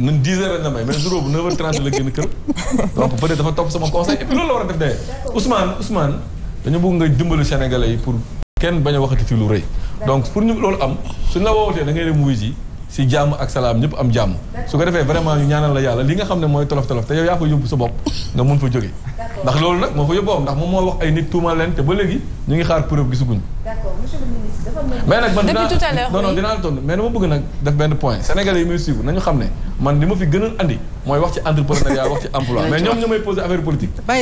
ñun 10 heures na may mais juróom bu 9 h la génn kër donc peut dafa topp sama conseil et puis la war a def dee Ousmane dañu bëgg nga dimbali Sénégalais yi pour kenn bañ a waxati ci lu rëy donc pour ñu loolu am suñ la woowatee da ngay dem wuy ji si jàmm ak salaam ñëpp am jàmm su ko defee vraiment ñu ñaanal la yàlla li nga xam ne mooy tolof tolof te yaa ko yóbbu sa bopp nga mun fa jóge ndax loolu nag moo fa yóbbu ndax moom moo wax ay nit tuumal leen ba léegi ngi xaar preuve gisuguñ d'accord monsieur le ministre dafa mel. mais nag man dinaa depuis tout à l'heure non non la li ma mooy wax ci entrepreneuriat wax ci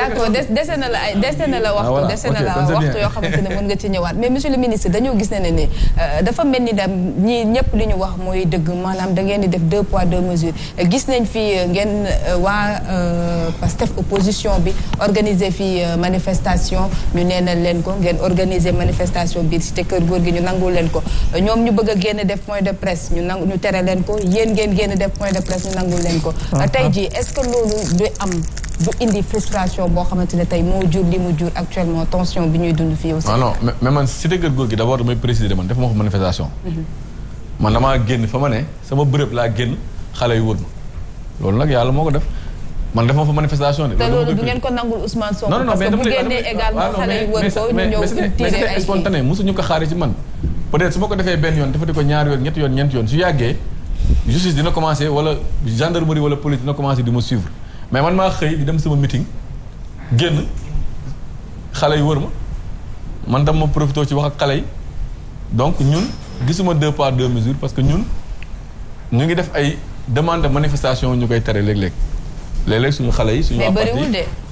ay dese la ah, waxtu dese la waxtu yoo xamante ne mën nga ci ñëwaat mais monsieur le ministre dañoo gis ne ne ni euh, dafa mel ni daal ñii ñëpp li ñu wax mooy dëgg maanaam da ngeen di def deux poids deux mesures gis nañ fi euh, ngeen euh, waa Euh, Pastef opposition bi organiser fi euh, manifestation ñu neenal leen ko ngeen organiser manifestation biir te kër góor gi ñu nangul leen ko ñoom ñu bëgg a génn def point de presse ñu nangu ñu tere leen ko yéen ngeen génn def point de presse nangul leen ko ah, tey ah. jii est-ce que loolu du am du indi frustration boo xamante ne tey moo jur li mu jur actuellement tension bi ñuy dund fii aussi. ah non mais man cité kër góor gi d'abord damay préciser man def ma ko manifestation mhm. man damaa génn fa ma ne sama bërëb laa génn xale yu wër loolu nag yàlla moo ko def man def ma fa manifestation de. loolu loolu du ngeen ko nangul Ousmane Sonko. non non mais dama c'était spontané mosuñu ko xaari ci man. peut-être su ma ko defee benn yoon defati ko ñaari yoon ñetti yoon ñeenti yoon su yàggee justice dina commencé wala gendarmerie wala police dina commencé di ma suivre mais man maa xëy di dem sama meeting génn xale yi wër ma man tam ma profité ci wax ak xale yi donc ñun gisuma deux poids deux mesures parce que ñun ñu ngi def ay demande de manifestation ñu koy tere léeg-léeg. léeg suñu xale yi suñu.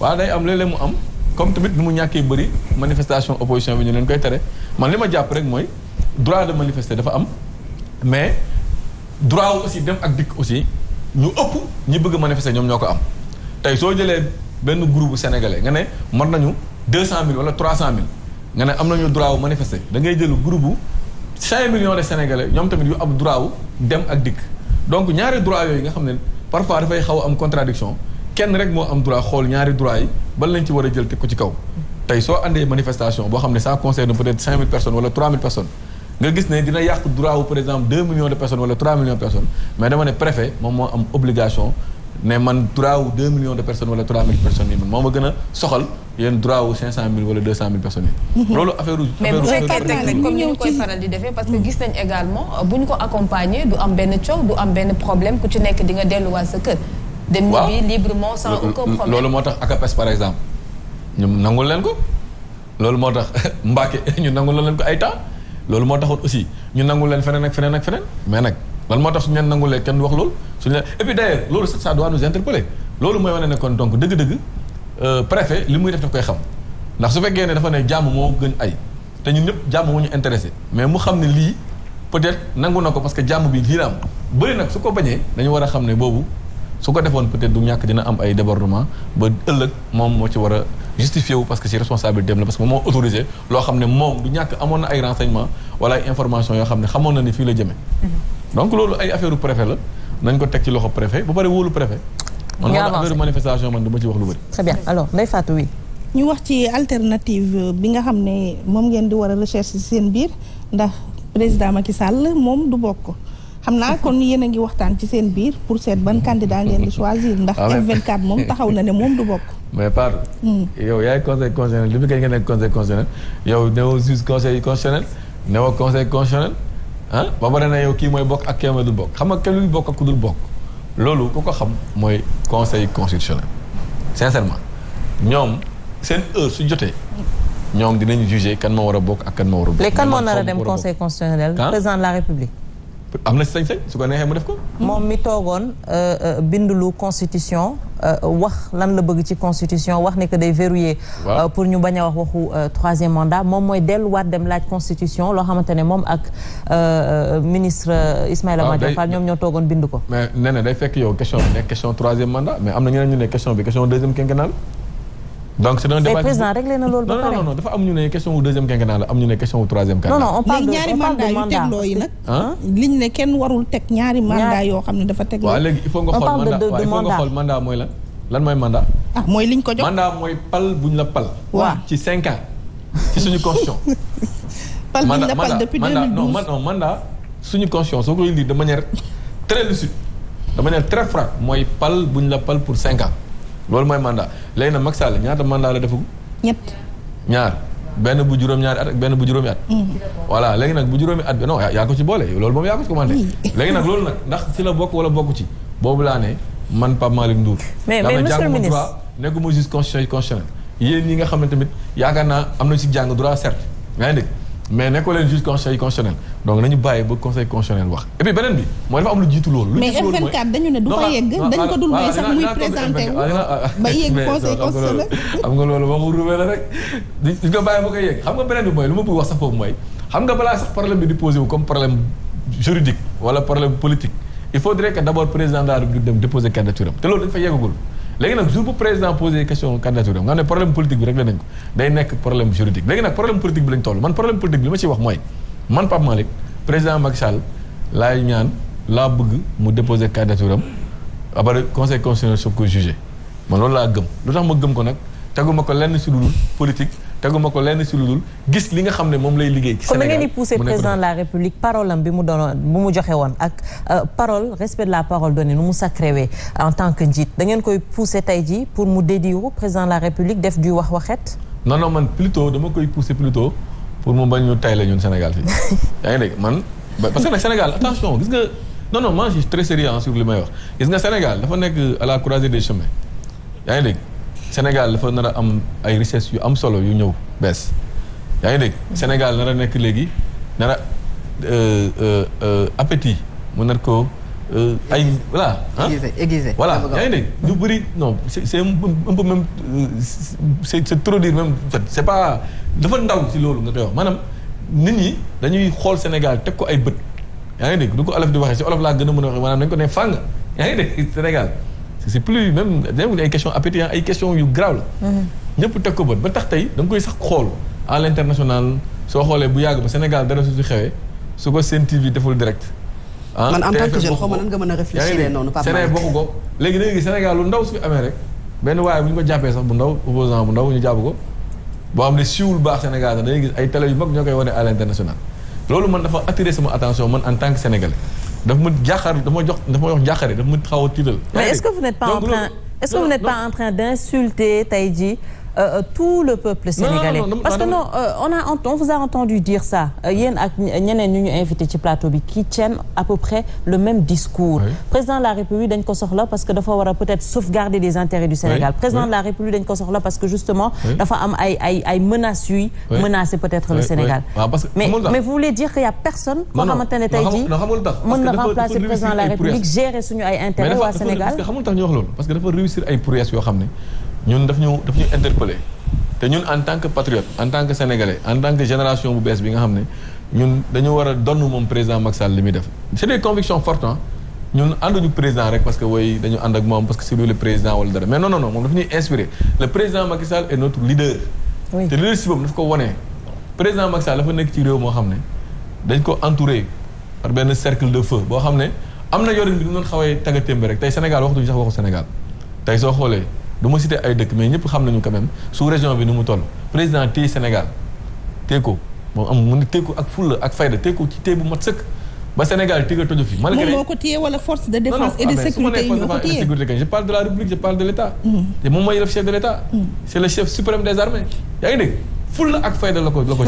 waa day am léeg mu am comme tamit nu mu ñàkkee bëri manifestation opposition bi ñu leen koy tere man li ma jàpp rek mooy droit de manifester dafa am mais droit aussi dem ak dikk aussi ñu ëpp ñi bëgg manifester ñoom ñoo ko am tey soo jëlee benn groupe sénégalais nga ne mën nañu deux cent mille wala trois cent mille nga ne am nañu droit wu dangay da ngay bu groupe cinq millions de sénégalais ñoom tamit yu am droit wu dem ak dikk donc ñaari droit yooyu nga xam ne. parfois dafay xaw am contradiction kenn rek moo am droit xool ñaari droit yi ban lañ ci war a jël teg ko ci kaw tey soo àndee manifestation boo xam ne ça concerne peut-être 5000 personnes wala 3000 personnes nga gis ne dina yàq droit wu par exemple 2 millions de personnes wala 3 millions de personnes mais dama ne préfet moom moo am obligation ne man droit wu 2 millions de personnes wala 3000 personnes yi man moo ma gën a soxal yéen droit wu 500000 wala 200000 personnes yi. loolu affaire mais bu fekkee nag comme ni ñu koy mm. euh, ko nekk di nga delluwaat sa kër. dem bi librement sans aucun problème loolu moo tax ACAPES par exemple ñoom nangul leen ko. loolu moo tax Mbacke ñu nangul leen ay temps loolu moo taxoon aussi ñu nangu leen feneen ak feneen ak feneen mais nag lan moo tax nangu leen nangulee kenn wax loolu. fi ne et puis d'ailleurs loolu sax loolu mooy wane ne kon donc dëgg-dëgg euh, préfet li muy def daf koy xam ndax su fekkee ne dafa ne jàmm moo gën ay te ñun ñëpp jàmm moo ñu intéressé mais mu xam ne lii peut-être nangu na ko parce que jàmm bi lii am bëri nag su ko bañee dañu war a xam ne boobu su ko defoon peut-être du ñàkk dina am ay débordement ba ëllëg moom moo ci war a justifié wu parce que ci responsabilité dem na parce que moom moo loo xam ne moom du ñàkk amoon ay renseignements wala ay yoo xam ne xamoon na ni fii la jëmee mm-hmm. donc loolu ay affaire u la nañ ko teg ci loxo préfet bu pare wóolu préfet. man moo affaire manifestation man du ma ci wax lu bëri. très ñu wax ci alternative euh, bi nga xam ne moom ngeen di war a recherche ci seen biir ndax président Macky sàll moom du bokk. xam naa kon yéen a ngi waxtaan ci seen biir pour seet ban candidat ngeen di choisir ndax ah F24 moom taxaw na ne moom du bokk. mais par. Hmm. yow yaay conseil constitutionnel li fi kañ nga nekk conseil constitutionnel conseil conseil ah ba pare na yow kii mooy bokk ak kéema du bokk xam nga kenn luy bokk ak ku dul bokk loolu ku ko xam mooy conseil constitutionnel sincèrement ñoom seen heure su jotee ñoom dinañ juger kan moo war a bokk ak kan moo war a bokk. léegi kan moo nar a dem conseil constitutionnel. président de la république. am na si sañ-sañ su ko neexee mu def ko. moom mi toogoon euh, euh, bindulu constitution. Euh, wax lan la bëgg ci constitution wax ne que day verrouiller euh, pour ñu bañ a wax waxu euh, troisième mandat moom mooy delluwaat dem laaj constitution loo xamante ne moom ak ministre Ismaïla Madior Fall ñoom ñoo toogoon bind ko mais nee na day fekk yow question bi nekk question troisième mandat mais am na ñeneen ñu ne question bi question deuxième quinquennat donc c'est un débat président réglé na loolu ba pare non non dafa am ñu ne question wu deuxième quinquennat la am ñu ne question wu troisième quinquennat. non non on parle de ñaari mandat yu tegloo yi nag. liñ ne kenn warul teg ñaari mandat yoo xam ne dafa tegloo. waaw léegi il faut nga xool mandat waaw il faut nga xool mandat mooy lan lan mooy mandat. ah mooy liñ ko jox mandat mooy pal buñ la pal. waaw ci cinq ans ci suñu constitution. pal buñ la pal depuis 2012 non non mandat suñu constitution soo koy lire de manière très lucide de manière très franche mooy pal buñ la pal pour cinq ans. loolu mooy mandat léegi nag Macky Sall ñaata mandat la defagu ñett ñaar benn bu juróom-ñaari at ak benn bu juróomi at mm. voilà léegi nag bu juróomi at bi non yaa ko ci boole loolu moom yaa ko ci commandé léegi nag loolu nag ndax si la bokk wala bokk ci boobu laa ne man Pape Malick Ndour mais mais monsieur le ministre droit nekkuma juge constitutionnel yéen yi nga xam ne tamit yaakaar naa am na ci jàng droit certes yaa ngi dégg mais nekkoo leen juge conseil constitutionnel donc nañu bàyyi ba conseil constitutionnel wax et beneen bi mooy dafa am lu jiitu loolu. lu jiitu mais F24 dañu ne du fa yegg. xam nga loolu waxu rubee la rek di di beneen bi mooy lu ma bëgg wax sax foofu mooy xam nga balaa sax problème bi di posé wu comme problème juridique wala problème politique il faudrait que d' président de la dem déposer candidature te loolu dañ fa yeggagul. léegi nag jour bu président posé question candidature am nga xam ne problème politique bi réglé nañ ko day nekk problème juridique léegi nag problème politique bi lañ toll man problème politique bi li ma ciy wax mooy man Pape Malick président Macky Sall laay ñaan laa bëgg mu déposé candidature am abari ah conseil constitutionnel soo ko jugé ma loolu laa gëm lu tax ma gëm ko nag teguma ko lenn si dul politique teguma ko leen si lu dul gis li nga xam ne moom lay liggéey. ci Sénégal kon da ngeen di poussé président de la république parole am bi mu doon bi euh, la parole donnée nu mu sacréwee en tant que njiit da koy poussé tey jii pour mu dédiwu président de la république def du wax waxet. non no man plutôt dama koy pouse plutôt pour mu bañ ñu tay la ñun Sénégal fii yaa ngi dégg man parce que nag Sénégal attention gis nga non no moi je suis très sur li may wax gis nga Sénégal dafa nekk à la croisée des chemins yaa ngi dégg. Sénégal dafa nar a am ay richesse yu am solo yu ñëw bees yaa ngi dégg Sénégal nar a nekk léegi nar a euh, euh, euh, appétit mu nar ko ay voilà aiguisé voilà yaa ngi dégg ñu bëri non c'est c'est un peu même c'est c'est trop dire même pas dafa ndaw ci loolu nga koy wax maanaam nit ñi dañuy xool Sénégal teg ko ay bët yaa ngi dégg du ko olof di waxee si olof laa gën a mun a waxee maanaam dañ ko ne fàng yaa ngi dégg Sénégal c'est plus même demul ay question appétants ay question yu grave la mhm. ñëpp teg ko bët ba tax tey da koy sax xool à l'international soo xoolee bu yàgg ma Sénégal dara su ci su ko seen TV deful direct ah man en tant que jeune xaw ma nan nga a réfléchir noonu papa Sénégal bokk ko léegi léegi Sénégal lu ndaw su fi amee rek benn waaye bu ñu ko jàppee sax bu ndaw opposant bu ndaw ñu jàpp ko boo xam ne siwul baax Sénégal sax dañuy gis ay télé yu mag ñoo koy wane à l'international loolu man dafa attirer sama attention man en daf ma jaaxaar daf ma jox daf ma jox jaaxaare daf ma xaw a tiital. mais est-ce que vous n'êtes pas en train est-ce que vous n'êtes pas en train d'insulter tey jii. Euh, euh, tout le peuple sénégalais parce que non euh, on a entendu dire ça yéen ak ñeneen ñu ñu invité ci plateau bi qui tiennent à peu près le même discours président de la république dañ ko soxla parce que dafa war a peut les intérêts du Sénégal président de la république dañ ko soxla parce que justement dafa am ay ay ay peut-être le Sénégal mais vous voulez dire que y a personne koo xamante ne tey jii mën na remplacer président de réussir ay prouesses ñun daf ñu daf ñu interpellé te ñun en tant que patriote en tant que sénégalais en tant que génération bu bees bi nga xam ne ñun dañu war a donn moom président Macky li muy def c'est des convictions fortes ñun ànduñu président rek parce que woy dañu ànd ak moom parce que c'est lui le président wala dara mais non non non moom dafa ñuy inspiré le président Macky Sall est notre leader te leadership ko wonee président Macky dafa nekk ci réew moo xam ne dañ ko entouré par benn cercle de feu boo xam ne am na yorin bi ñu doon xawee taggatémbe rek tey Sénégal waxtuñu sax waxu Sénégal tey soo xoolee du ma citer ay dëkk mais ñëpp xam nañu quand su sous bi nu mu toll président téye Sénégal téye ko moo am mu ne téye ko ak fulla ak fayda téye ko ci téye bu mat sëkk ba Sénégal tiga tojo fi. malgré moom moo ko wala force de moom mooy le chef de l'État. Mm. c'est le chef suprême des yaa ngi dégg fulla ak fayda la ko la ko.